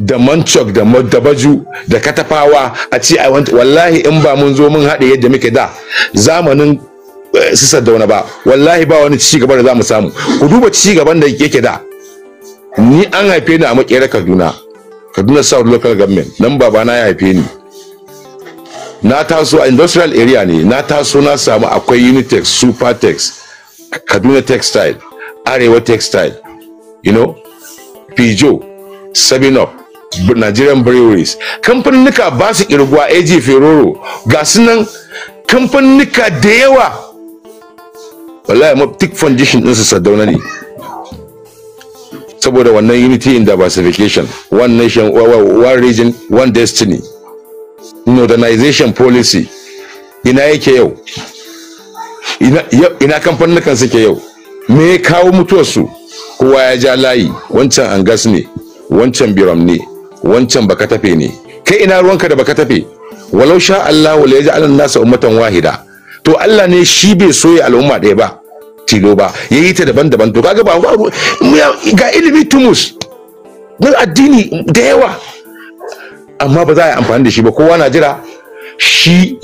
da manchok da dabaju da katafawa a ce wallahi in ba mun zo mun haɗe yadda muke da zamanin eh, su sadauna ba wallahi ba wani ci gaba da za mu samu ku duba ci gaban da yake da ni an haife ni a makera kaduna kaduna south local government nan babana ya haife ni na taso a industrial area ne na taso na samu akwai unitex supertex kaduna textile arewa textile you know pijo sabinop. Nigerian breweries kamfaninnika ba su kirguwa AG Ferroro ga su nan kamfaninnika da yawa wallahi maftik foundation ɗinsu sadauna ne saboda wannan unity in diversification one nation one region one destiny modernization policy ina yake yau ina kamfanin suke yau me ya kawo mutuwarsu kowa ya ja layi wancan angas ne wancan biram ne wancan baka tafe ne kai ina ruwanka da baka tafe walau sha Allah wala yaji alan nasa ummatan wahida to Allah ne shi bai so al'umma ɗaya ba tilo ba yayi ta daban-daban to kaga ba ga ilimi tumus na addini da yawa amma ba za a yi amfani da shi ba kowa na jira shi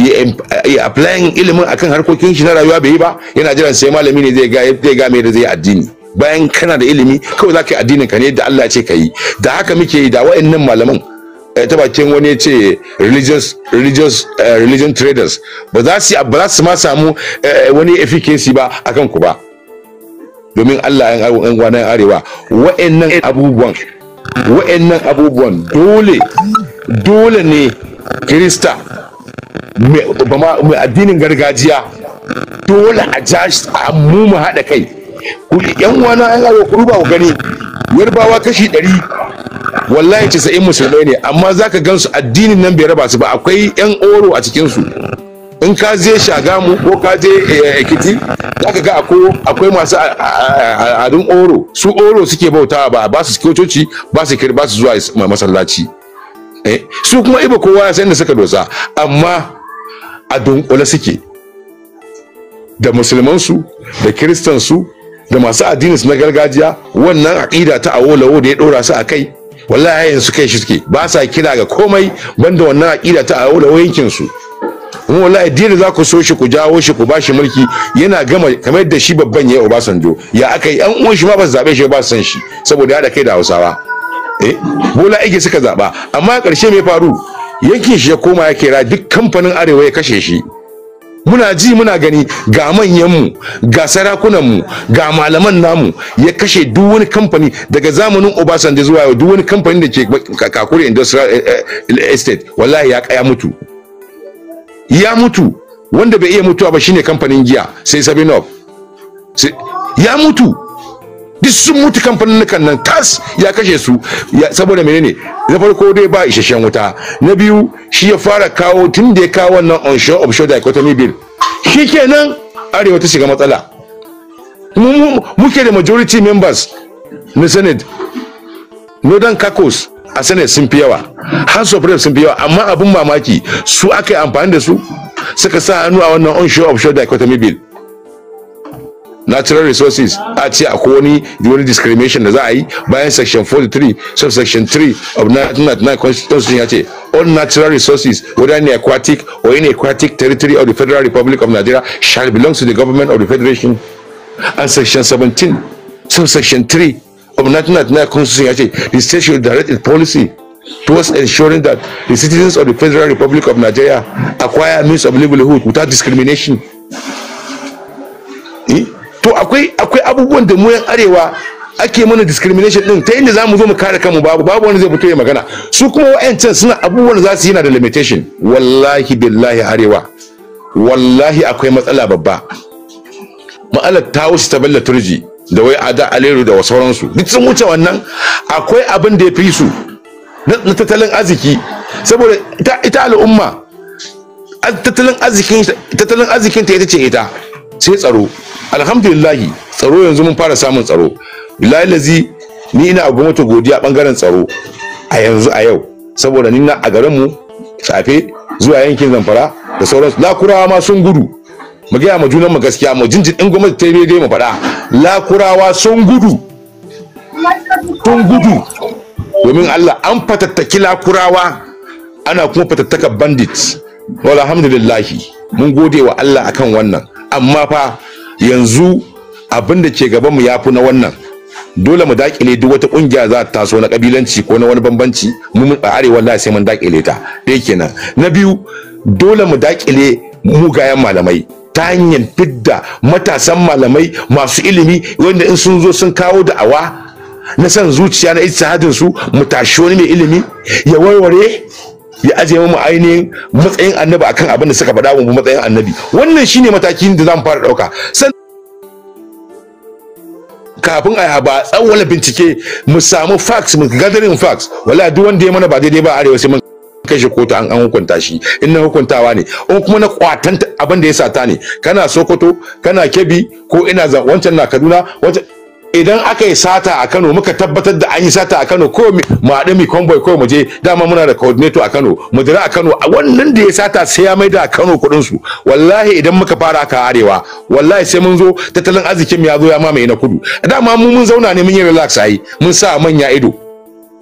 ya applying ilimin akan harkokin shi na rayuwa bai yi ba yana jiran sai malami ne zai ga zai ga me da zai addini bayan kana da ilimi kawai za ka yi addinin ka ne da Allah ce ka yi da haka muke yi da wa'annan malaman eh, ta bakin wani ce religious religious eh, religion traders ba za su ba za su ma samu eh, wani efficacy ba akan ku ba domin Allah yan yan gwanan arewa wa'annan abubuwan wa'annan abubuwan dole dole ne krista mai addinin gargajiya dole a jashi a mu mu hada kai ku yan wana yan arewa ku ku gani yarbawa kashi ɗari wallahi casa'in musulmai ne amma zaka ka gansu addinin nan bai raba su ba akwai yan oro a cikinsu in ka je shagamu ko ka je eh, ekiti za ga akwai masu al'adun oro su oro suke bauta ba ba su coci ba su ba su zuwa masallaci eh, su kuma ibo kowa ya san da suka dosa amma a dunkule suke da su, da su. da masu addinin na gargajiya wannan aqida ta awolawo da ya dora su a kai wallahi yanzu kai shi suke ba sa kira ga komai banda wannan aqida ta awolawo yankin su kuma wallahi dini za ku so shi ku jawo shi ku ba shi mulki yana gama kamar yadda shi babban ya Obasanjo ya aka yi uwan shi ma ba su zaɓe shi ba su san shi saboda ya da kai da Hausawa eh bola ige suka zaba amma karshe mai faru yankin shi ya koma ya ra duk kamfanin arewa ya kashe shi muna ji muna gani ga manyanmu ga sarakunanmu ga malaman namu ya kashe duk wani kamfani daga zamanin obasanjo zuwa yau duk wani kamfani da ke kakuri industrial eh, eh, estate wallahi ya ya mutu ya mutu wanda bai iya mutuwa ba shine kamfanin giya sai sabinov ya mutu duk sun mutu kamfanin nan tas ya kashe su saboda menene na farko dai ba isasshen wuta na biyu shi ya fara kawo tun da ya kawo wannan onshore offshore dichotomy bill shi nan arewa ta shiga matsala muke da majority members na senate northern caucus a senate sun fi yawa house of rep sun fi yawa amma abin mamaki su aka yi amfani da su suka sa hannu a wannan onshore offshore dichotomy bill natural resources a ce akwai wani wani discrimination da za a yi bayan section 43 subsection 3 of 1999 constitution ya ce all natural resources whether in aquatic or in aquatic territory of the federal republic of nigeria shall belong to the government of the federation and section 17 subsection 3 of 1999 constitution ya ce the state should direct its policy towards ensuring that the citizens of the federal republic of nigeria acquire means of livelihood without discrimination to akwai akwai abubuwan da mu yan arewa ake mana discrimination din ta inda zamu zo mu kare kanmu babu babu wani zai fito ya magana su kuma wa'ancan suna abubuwan za su yi na da limitation wallahi billahi arewa wallahi akwai matsala babba ma'alar ta wuce ta balla turji da wai ada aleru da sauransu duk sun wuce wannan akwai abin da ya fi su na tattalin arziki saboda ita al'umma tattalin arzikin ta ita ce ita sai tsaro alhamdulillah tsaro yanzu mun fara samun tsaro billahi lazi ni ina gwamnati godiya bangaren tsaro a yanzu a yau saboda ni na a garin mu safe zuwa yankin zamfara da sauransu lakurawa ma sun gudu mu gaya ma junan mu gaskiya mu jinjin din gwamnati ta yi dai mu faɗa lakurawa sun gudu sun gudu domin Allah an fatattaki lakurawa ana kuma fatattaka bandits wala alhamdulillah mun gode wa Allah akan wannan amma fa yanzu abin da ke mu ya fi na wannan dole mu dakile duk wata kungiya za ta taso na kabilanci ko na wani bambanci mu a arewa Allah sai mun dakile ta dai kenan na biyu dole mu dakile mugayen malamai ta hanyar fidda matasan malamai masu ilimi wanda in sun zo sun kawo da awa na san zuciya na ijtihadin su mu tashi wani mai ilimi ya warware ya ajiye mu ainihin matsayin annabi akan abin da suka faɗa mu matsayin annabi wannan shine matakin da za zamu fara ɗauka kafin a ba tsawon bincike mu samu facts mu gathering facts wala duk wanda ya mana ba daidai ba arewa sai mun kashe kotu an hukunta shi in na hukuntawa ne in kuma na kwatanta abin da ya sata ne kana sokoto kana kebi ko ina wancan na kaduna wancan idan aka yi sata a Kano muka tabbatar da an yi sata a Kano ko mu haɗu mu convoy ko mu je dama muna da coordinator a Kano mu dira a Kano wannan da ya sata sai ya maida a Kano kuɗin su wallahi idan muka fara aka arewa wallahi sai mun zo tattalin arzikin ya zo ya mamaye na kudu dama mu mun zauna ne mun yi relax ayi mun sa manya ido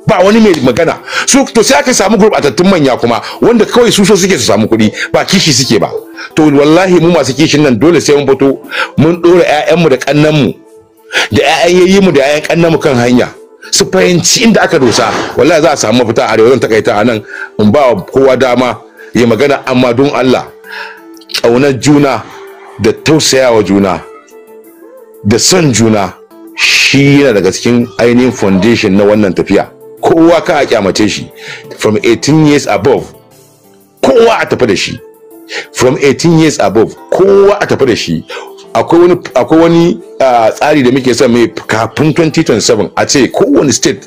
ba wani mai magana su to sai aka samu group atattun manya kuma wanda kawai su so suke su samu kuɗi ba kishi suke ba to wallahi mu masu kishin nan dole sai mun fito mun ɗora 'ya'yanmu da ƙannanmu. mu da ƴaƴan yayi mu da ƴaƴan kanna mu kan hanya su fahimci inda aka dosa wallahi za a samu mafita arewa zan takaita a nan in ba kowa dama ya magana amma don Allah ƙaunar juna da tausayawa juna da son juna shi yana daga cikin ainihin foundation na wannan tafiya kowa ka a kyamace shi from 18 years above kowa a tafi da shi from 18 years above kowa a tafi da shi akwai wani akwai tsari da muke son mai kafin 2027 a ce kowane state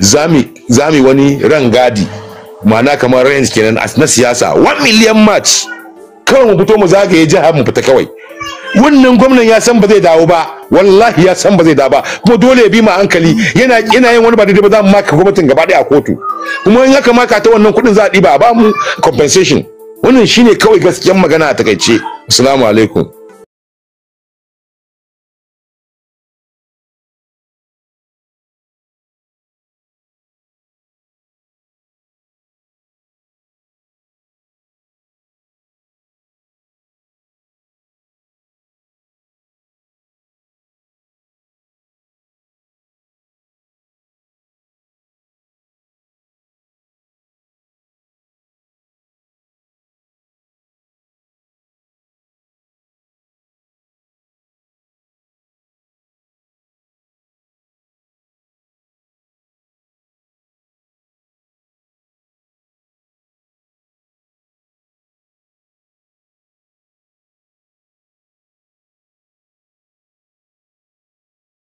zami zami wani rangadi ma'ana kamar range kenan na siyasa 1 million match kawai mu fito mu zagaye jihar mu fita kawai wannan gwamnan ya san ba zai dawo ba wallahi ya san ba zai dawo ba kuma dole ya bi ma hankali yana yana yin wani ba daidai ba za mu maka gwamnatin gaba daya a kotu kuma in ya kamata ta wannan kuɗin za a ɗiba a ba mu compensation wannan shine kawai gaskiyar magana a takaice assalamu alaikum